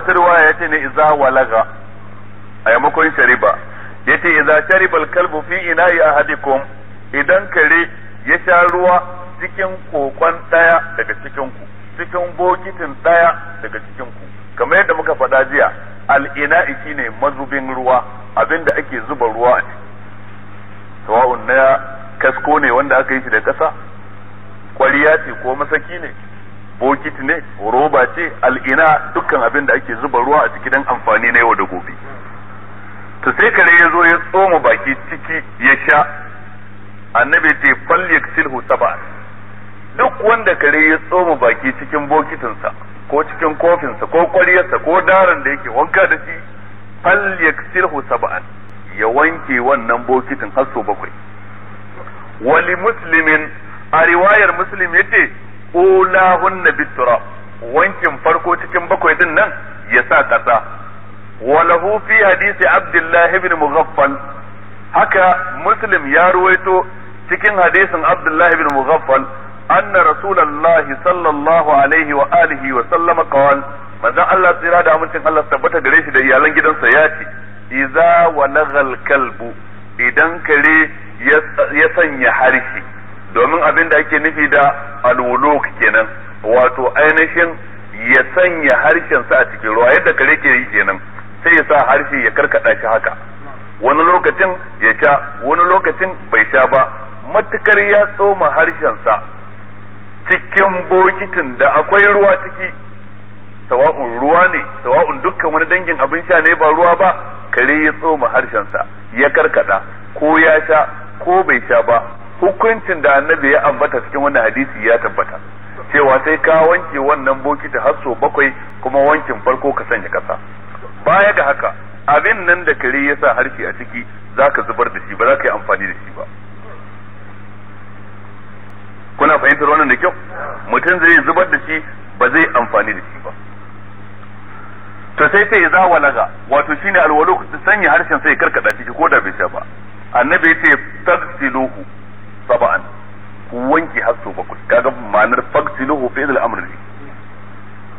wata ruwaya yace ne iza walaga a yamakon shariba yace iza shariba kalbu fi ina'i ahadikum idan kare ya sha ruwa cikin kokon daya daga cikin ku cikin bokitin daya daga cikin ku kamar yadda muka faɗa jiya al-ina'i shine mazubin ruwa abinda ake zuba ruwa ne sawa'un na kasko ne wanda aka yi shi da kasa kwariya ce ko masaki ne bokiti ne roba ce al'ina dukkan abin da ake zuba ruwa a ciki dan amfani na yau da gobe to sai kare ya zo ya tsoma baki ciki ya sha annabi ce fal yaksilhu saba duk wanda kare ya tsoma baki cikin bokitinsa ko cikin kofinsa ko kwaryarsa ko daren da yake wanka da shi fal yaksilhu saba'an ya wanke wannan bokitin har so bakwai wali muslimin a riwayar muslim yace ulahunna bitura wankin farko cikin bakwai din nan ya sa kasa walahu fi hadisi abdullahi ibn mughaffal haka muslim ya ruwaito cikin hadisin abdullahi ibn mughaffal anna rasulullahi sallallahu alaihi wa alihi wa sallama qala manzon Allah tsira da amincin Allah tabbata gare shi da iyalan gidansa ya ce idza walagal kalbu idan kare ya sanya harshe domin abin da ake nufi da alwuluk kenan wato ainihin ya sanya harshensa a cikin ruwa yadda kare ke yi kenan sai ya sa harshe ya karkada shi haka wani lokacin ya sha wani lokacin bai sha ba matukar ya tsoma harshensa cikin bokitin da akwai ruwa ciki sawa'un ruwa ne sawa'un dukkan wani dangin abin sha ne ba ruwa ba kare ya tsoma harshensa ya karkada ko ya sha ko bai sha ba hukuncin da annabi ya ambata cikin wannan hadisi ya tabbata cewa sai ka wanke wannan bokiti har so bakwai kuma wankin farko ka sanya kasa baya ga haka abin nan da kare ya sa harshe a ciki za ka zubar da shi ba za ka yi amfani da shi ba kuna fahimtar wannan da kyau mutum zai zubar da shi ba zai amfani da shi ba to sai sai za walaga wato shine alwalu sanya harshen sai karkada ciki ko da bai sha ba annabi ya ce tagsiluhu ku wanke har sau bakwai kaga ma'anar faktiluhu fi idil amri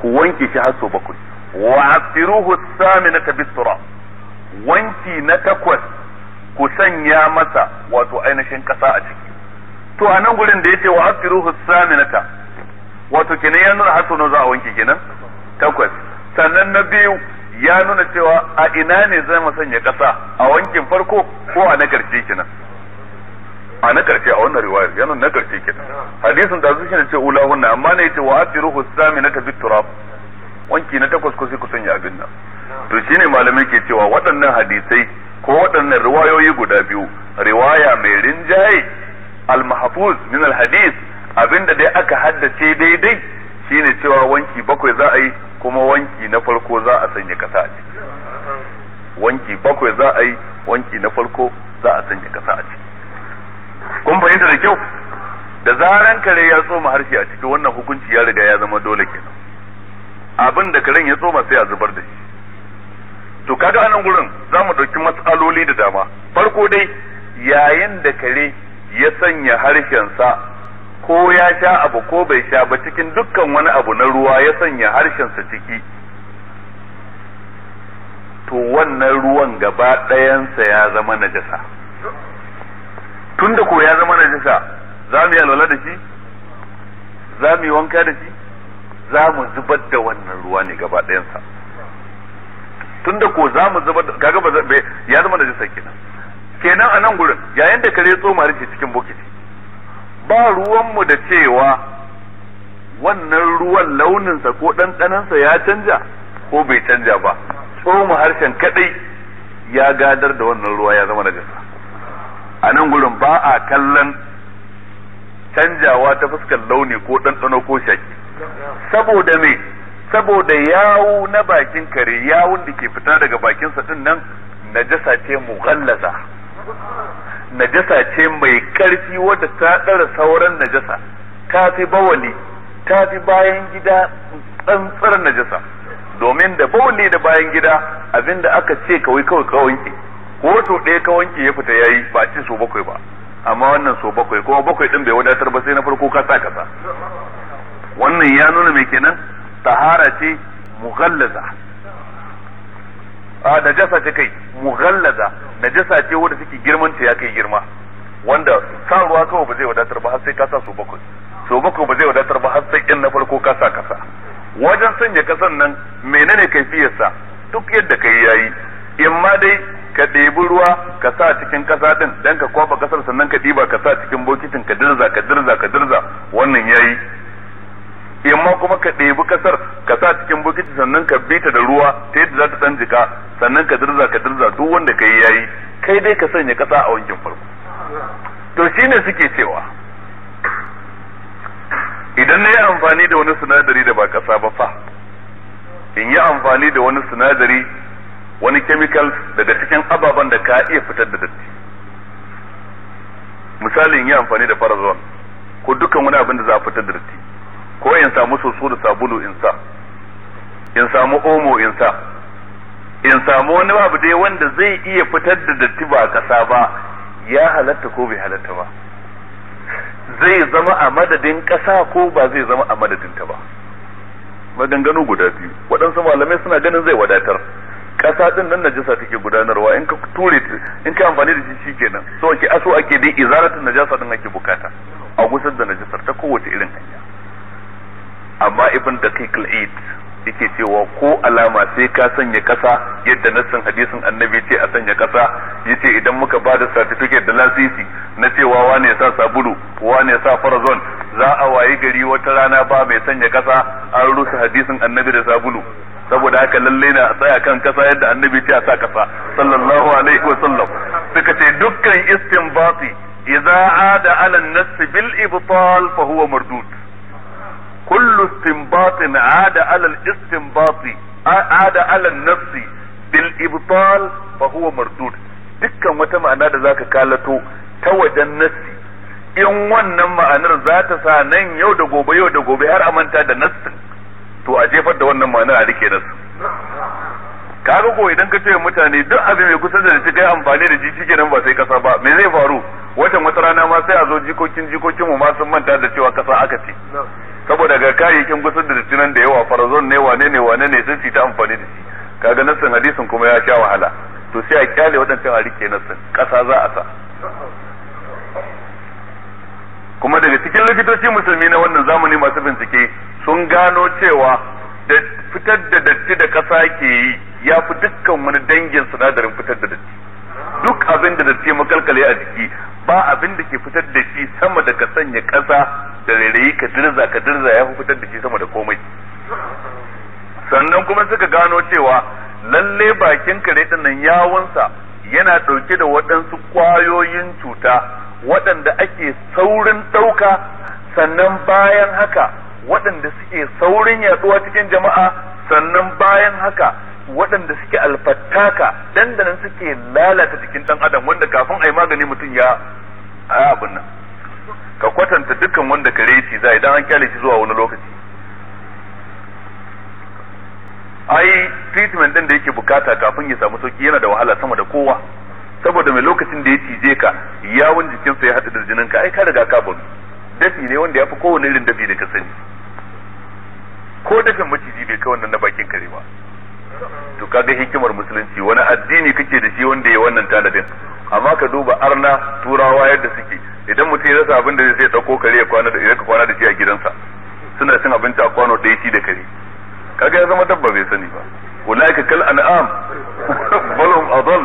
ku wanke shi har sau bakwai wa asiruhu ta bisura wanki na takwas ku sanya masa wato ainihin kasa a ciki to a nan gurin da yace wa asiruhu ta wato kenan ya nuna har sau za a wanke kenan takwas sannan na biyu ya nuna cewa a ina ne zai mu sanya kasa a wankin farko ko a na karshe kenan a na karshe a wannan riwayar yana na karshe kenan hadisin da su ne ce ula wannan amma ne yace wa asiruhu ta bit turab wanki na takwas ko sai ku sanya abin nan to shine malamai ke cewa waɗannan hadisai ko waɗannan riwayoyi guda biyu riwaya mai rinjaye al-mahfuz min al-hadis abinda dai aka haddace daidai shine cewa wanki bakwai za a yi kuma wanki na farko za a sanya kasa a ciki wanki bakwai za a yi wanki na farko za a sanya kasa a ciki kun fahimta da kyau da zaran kare ya tsoma harshe a cikin wannan hukunci ya riga ya zama dole kenan abin da karen ya tsoma sai a zubar da shi to kaga anan gurin za mu ɗauki matsaloli da dama farko dai yayin da kare ya sanya harshensa ko ya sha abu ko bai sha ba cikin dukkan wani abu na ruwa ya sanya harshensa ciki to wannan ruwan gaba ɗayansa ya zama najasa tunda ko ya zama najisa za mu yi alwala da shi za mu yi wanka da shi za mu zubar da wannan ruwa ne gaba ɗayansa tunda ko za mu zubar da gaba ba ya zama najisa kenan kenan a nan gurin yayin da kare tsoma ce cikin bokiti ba ruwanmu da cewa wannan ruwan launinsa ko ɗanɗanansa ya canja ko bai canja ba mu harshen kaɗai ya gadar da wannan ruwa ya zama najasa a nan gurin ba a kallon canjawa ta fuskar launi ko ɗanɗano ko shaki saboda me saboda yawu na bakin kare yawun da ke fita daga bakinsa din nan najasa ce mughallaza najasa ce mai karfi wadda ta ɗara sauran najasa ta fi bawali ta fi bayan gida tsantsar najasa domin da bawali da bayan gida abinda aka ce kawai kawai kawai wato ɗaya ka wanke ya fita yayi ba ci so bakwai ba amma wannan so bakwai kuma bakwai din bai wadatar ba sai na farko ka sa kasa wannan ya nuna mai kenan tahara ce mughallaza a ah, najasa ce kai mughallaza najasa ce wanda take girman ta ya kai girma wanda sa ruwa kawai ba zai wadatar ba har sai ka sa so bakwai so bakwai ba zai wadatar ba har sai in na farko ka sa kasa wajen sanya kasan nan menene kaifiyarsa duk yadda kai yayi in ma dai ka ɗebi ruwa ka sa cikin ƙasa ɗin don ka kwafa ƙasar sannan ka ɗiba ka sa cikin bokitin ka dirza ka dirza ka dirza wannan yayi imma kuma ka ɗebi ƙasar ka sa cikin bokiti sannan ka bita da ruwa ta yadda za ta ɗan jika sannan ka dirza ka dirza duk wanda ka yi yayi kai dai ka sanya ƙasa a wankin farko to shine suke cewa idan na yi amfani da wani sinadari da ba ƙasa ba fa in yi amfani da wani sinadari wani chemical daga cikin ababen da ka iya fitar da datti misali yi amfani da farazon ko dukkan wani abin da za a fitar da datti ko in samu soso da sabulu in sa in samu omo in sa in samu wani abu dai wanda zai iya fitar da datti ba kasa ba ya halatta ko bai halatta ba zai zama a madadin kasa ko ba zai zama a madadin ta ba maganganu guda biyu waɗansu malamai suna ganin zai wadatar kasa din nan najasa take gudanarwa in ka ture in ka amfani da shi kenan so ake aso ake dai izaratun najasa din ake bukata a gusar da najasar ta kowace irin hanya amma ibn da kai kalid yake cewa ko alama sai ka sanya kasa yadda nassin hadisin annabi ce a sanya kasa yace idan muka ba da certificate da lasisi na cewa wane ya sa sabulu wane ya sa farazon za a wayi gari wata rana ba mai sanya kasa an rusa hadisin annabi da sabulu saboda haka lalle na tsaya kan kasa yadda annabi ce a sa kasa sallallahu alaihi wa sallam suka ce dukkan istinbati idza ada ala an-nass bil ibtal fa huwa mardud kullu istinbatin ada ala al-istinbati ada ala an-nass bil ibtal fa huwa mardud dukkan wata ma'ana da zaka kalato ta wajen nassi in wannan ma'anar za ta sa nan yau da gobe yau da gobe har a da nassin to a jefar da wannan ma'anar a rike nasu kaga ko idan ka ce mutane duk abin mai kusa da shi kai amfani da jiki kenan ba sai kasa ba me zai faru wata wata rana ma sai a zo jikokin jikokin mu ma sun manta da cewa kasa aka ce saboda ga kayayyakin kusa da shi nan da yawa farazon ne wane ne wane ne sun ta amfani da shi kaga nassin hadisin kuma ya sha wahala to sai a kyale waɗancan a rike nassin kasa za a sa kuma daga cikin likitoci musulmi na wannan zamani masu bincike sun gano cewa da fitar da datti da ƙasa ke yi ya fi dukkan wani dangin sinadarin fitar da datti duk abin da datti makalkale a jiki ba abin da ke fitar da shi sama da ka sanya ƙasa da rairayi ka dirza ka dirza ya fi fitar da shi sama da komai sannan kuma suka gano cewa lalle bakin kare dinnan yawunsa yana ɗauke da waɗansu ƙwayoyin cuta waɗanda ake saurin ɗauka sannan bayan haka waɗanda suke saurin yaɗuwa cikin jama'a sannan bayan haka waɗanda suke alfattaka dandanan suke lalata jikin ɗan adam wanda kafin a yi magani mutum ya abin nan ka kwatanta dukkan wanda kare shi za idan an kyale shi zuwa wani lokaci ai treatment ɗin da yake bukata kafin ya samu sauki yana da wahala sama da kowa saboda mai lokacin da ya cije ka yawon jikinsa ya haɗu da jinin ka ai ka riga ka bari dafi ne wanda ya fi kowane irin dafi da ka sani ko dafin maciji bai kai wannan na bakin kare ba to kaga hikimar musulunci wani addini kake da shi wanda ya wannan tanadin amma ka duba arna turawa yadda suke idan mutum ya rasa abin da zai ɗauko kare ya kwana da ya kwana da shi a gidansa suna cin abinci a kwano ɗaya shi da kare kaga ya zama dabba bai sani ba ulaika كل an'am balhum adall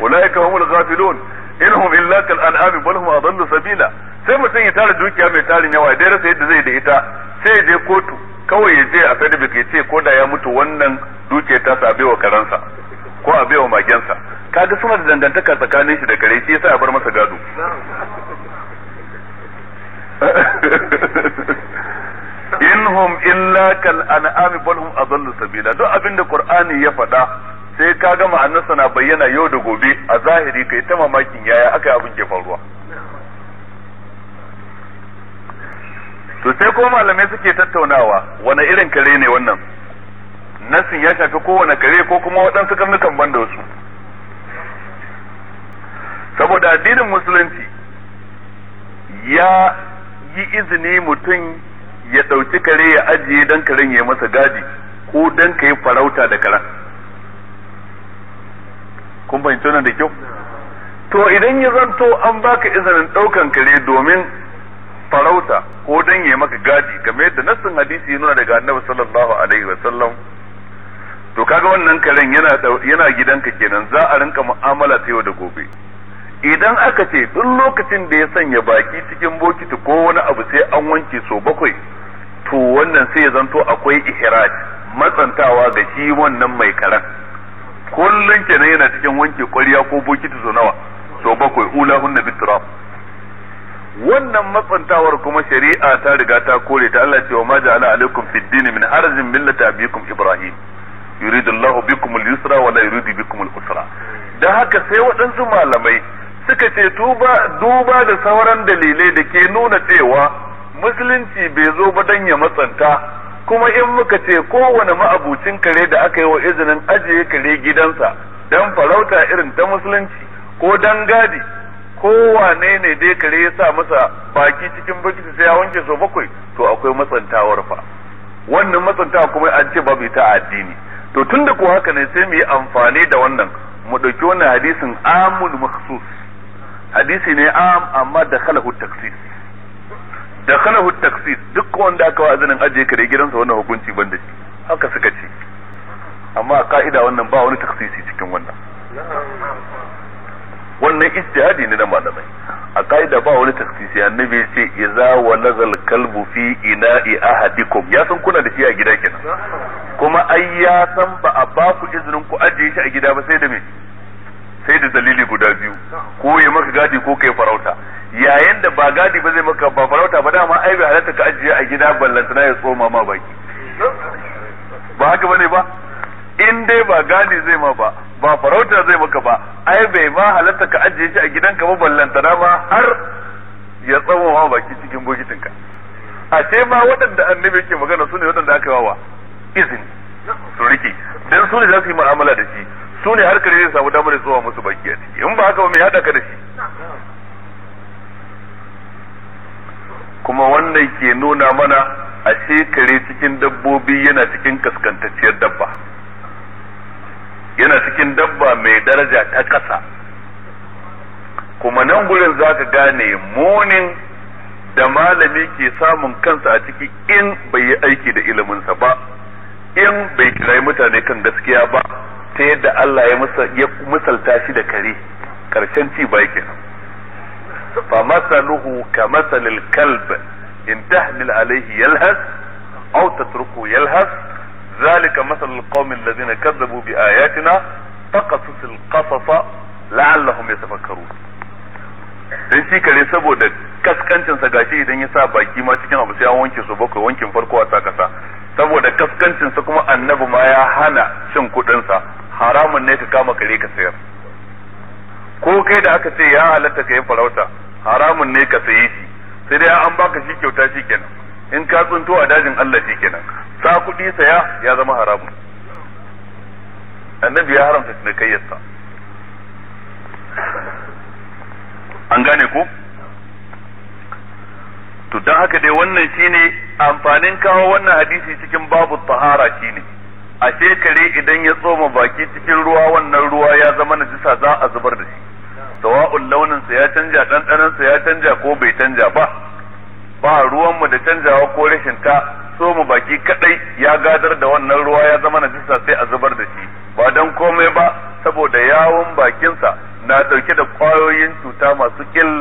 ulaika humul ghafilun inhum illa kal an'am bal hum adallu sabila sai mutum ya tara dukiya mai tarin yawa dai rasa yadda zai da ita sai ya je kotu kawai ya je a sadibik ya ce ko da ya mutu wannan dukiyar ta sa wa karansa ko a baiwa magensa kaga suna da dangantaka tsakanin shi da kare shi yasa a bar masa gado in hum illa kal an'am bal hum adallu sabila duk abinda qur'ani ya faɗa sai ka gama annasa na bayyana yau da gobe a zahiri kai ta mamakin yaya aka yi abin ke faruwa to sai kuma malamai suke tattaunawa wani irin kare ne wannan nasin ya shafi kowane kare ko kuma waɗansu karnukan ban da wasu saboda addinin musulunci ya yi izini mutum ya ɗauki kare ya ajiye dan karen ya yi masa gadi ko dan ka yi farauta da karen kun fahimci tunan da kyau to idan ya zanto an baka izinin ɗaukan kare domin farauta ko dan ya maka gadi kamar yadda nassin hadisi yana nuna daga annabi sallallahu alaihi wa sallam to kaga wannan karen yana yana gidanka kenan za a rinka mu'amala ta yau da gobe idan aka ce duk lokacin da ya sanya baki cikin bokiti ko wani abu sai an wanke so bakwai to wannan sai ya zanto akwai ihraj matsantawa ga shi wannan mai karen kullun kenan yana cikin wanke ƙwarya ko bokiti so nawa so bakwai na bitrab wannan matsantawar kuma shari'a ta riga ta kore ta Allah cewa ma ja'ala alaikum fid din min harzin millata abikum ibrahim yuridu Allah bikum al-yusra wa la yuridu bikum al-usra dan haka sai waɗansu malamai suka ce tuba duba da sauran dalilai da ke nuna cewa musulunci bai zo ba dan ya matsanta kuma in muka ce kowane ma'abucin kare da aka yi wa izinin ajiye kare gidansa dan farauta irin ta musulunci ko dan gadi wane ne dai kare ya sa masa baki cikin bukiti sai ya wanke so bakwai to akwai matsantawar fa wannan matsantawa kuma an ce babu ta a addini to tunda ko haka ne sai mu yi amfani da wannan mu ɗauki wannan hadisin amul makhsus hadisi ne am amma da khalahu taksis da khalahu taksis duk wanda aka wa azanin ajiye kare gidansa wannan hukunci ban da shi haka suka ce amma a ka'ida wannan ba wani taksisi cikin wannan wannan ijtihadi ne na malamai a ka'ida ba wani taksisi annabi ya ce idza nazal kalbu fi ina'i ahadikum ya san kuna da shi a gida kenan kuma ai ya san ba a ba ku izinin ku ajiye shi a gida ba sai da me sai da dalili guda biyu ko ya maka gadi ko kai farauta yayin da ba gadi ba zai maka ba farauta ba dama ai bai halatta ka ajiye a gida ballantana ya tsoma ma baki ba haka bane ba in dai ba gadi zai ma ba ba farauta zai maka ba ai bai ma halatta ka ajiye shi a gidanka ba ballantana ba har ya tsoma ma baki cikin bokitinka a ce ma waɗanda annabi ke magana su ne waɗanda aka yawa izini su rike dan su ne za su yi mu'amala da shi su ne har kare zai samu damar zuwa musu baki a ciki in ba haka ba mai haɗa ka da shi kuma wannan ke nuna mana a shekare cikin dabbobi yana cikin kaskantacciyar dabba yana cikin dabba mai daraja ta ƙasa kuma nan gurin za ka gane munin da malami ke samun kansa a ciki in bai yi aiki da iliminsa ba in bai kirayi mutane kan gaskiya ba ta yadda Allah ya misalta shi da kare karshen ci ba kenan فمثله كمثل الكلب ان تحمل عليه يلهث او تتركه يلهث ذلك مثل القوم الذين كذبوا باياتنا فقصص القصص لعلهم يتفكرون dan shi kare saboda kaskancin sa gashi idan ya sa baki ma cikin abu sai an wanke su bakwai wankin farko a sa kasa saboda sa kuma annabi ma ya hana cin kudin sa haramun ne ka kama kare ka sayar ko kai da aka ce ya halatta ka yi farauta haramun ne ka saye shi sai dai an baka shi kyauta shi kenan in ka tsinto a dajin Allah shi kenan sa kuɗi saya ya zama haramun annabi ya haramta cinikayyarsa an gane ko to don haka dai wannan shine amfanin kawo wannan hadisi cikin babu tahara shine a shekare idan ya tsoma baki cikin ruwa wannan ruwa ya zama najisa za a zubar da shi sawa'un launin sa ya canja dandanan sa ya canja ko bai canja ba ba ruwan mu da canjawa ko rashin ta so mu baki kadai ya gadar da wannan ruwa ya zama na najisa sai a zubar da shi ba dan komai ba saboda yawon bakinsa na dauke da kwayoyin cuta masu illa